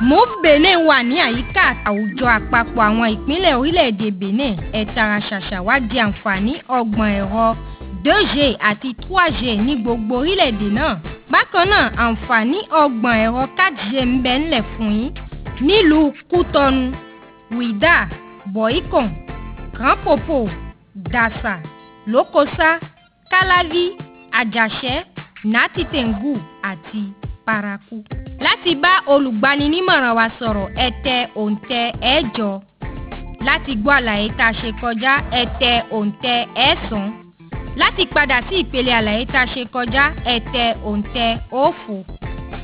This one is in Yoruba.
Move Benin wà ní àyíká àwùjọ àpapọ̀ àwọn ìpínlẹ̀ orílẹ̀-èdè Benin, ẹ tara ṣàṣà wádìí àǹfààní ọgbọ́n ẹ̀rọ 2G àti 3G ní gbogbo orílẹ̀-èdè náà. Bákan náà, àǹfààní ọgbọ́n ẹ̀rọ 4G ń bẹ ńlẹ̀ fún yín nílùú Cotonou, Ouidah, Boikon, Grand Popo, Dassa, Lokossa, Calavi, Ajasẹ, Nati Tengu àti paraku. láti bá olùgbaninímọ̀ràn wa sọ̀rọ̀ ẹ tẹ òǹtẹ̀ ẹ̀jọ láti gbọ́ àlàyé tá a ṣe kọjá ẹ tẹ òǹtẹ̀ ẹ̀sán láti padà sí ìpele àlàyé tá a ṣe kọjá ẹ tẹ òǹtẹ̀ òfo.